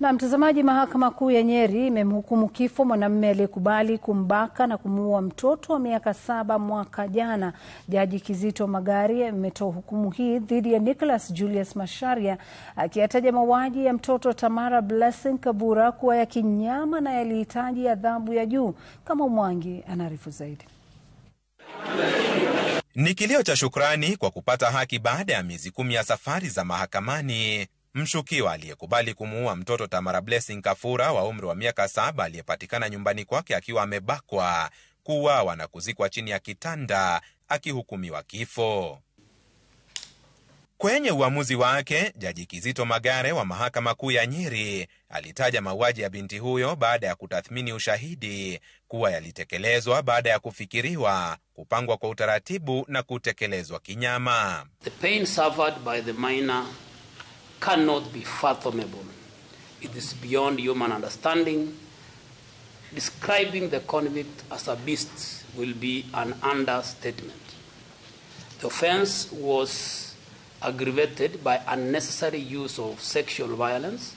Na mtazamaji, mahakama kuu ya Nyeri imemhukumu kifo mwanamume aliyekubali kumbaka na kumuua mtoto wa miaka saba mwaka jana. Jaji Kizito Magari ametoa hukumu hii dhidi ya Nicholas Julius Macharia akiyataja mauaji ya mtoto Tamara Blessing Kabura kuwa ya kinyama na yalihitaji adhabu ya juu. Kama Mwangi anaarifu zaidi. Ni kilio cha shukrani kwa kupata haki baada ya miezi kumi ya safari za mahakamani. Mshukiwa aliyekubali kumuua mtoto Tamara Blessing Kafura wa umri wa miaka saba aliyepatikana nyumbani kwake akiwa amebakwa, kuuawa na kuzikwa chini ya kitanda akihukumiwa kifo. Kwenye uamuzi wake, Jaji Kizito Magare wa Mahakama Kuu ya Nyeri alitaja mauaji ya binti huyo baada ya kutathmini ushahidi kuwa yalitekelezwa baada ya kufikiriwa, kupangwa kwa utaratibu na kutekelezwa kinyama. The pain suffered by the minor cannot be fathomable. It is beyond human understanding. Describing the convict as a beast will be an understatement. The offense was aggravated by unnecessary use of sexual violence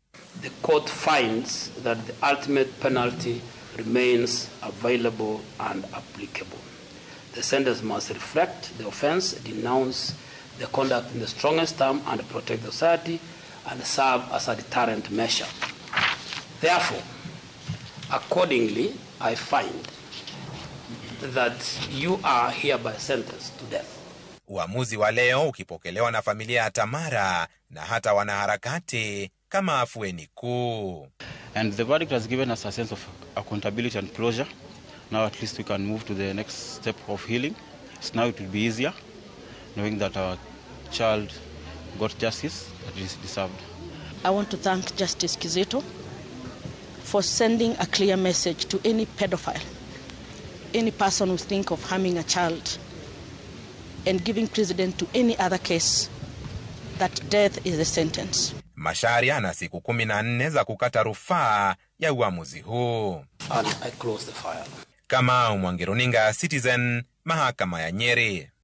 The court finds that the ultimate penalty remains available and applicable. The sentence must reflect the offense, denounce the conduct in the strongest term, and protect the society and serve as a deterrent measure. Therefore, accordingly, I find that you are hereby sentenced to death. Uamuzi wa leo ukipokelewa na familia ya Tamara na hata wanaharakati kama afueni kuu. And the verdict has given us a sense of accountability and closure. Now at least we can move to the next step of healing. So now it will be easier knowing that our child got justice that is deserved. I want to thank Justice Kizito for sending a clear message to any pedophile, any person who think of harming a child and giving precedent to any other case that death is a sentence mashari ana siku kumi na nne za kukata rufaa ya uamuzi huu. Kamau Mwangi, runinga ya Citizen, mahakama ya Nyeri.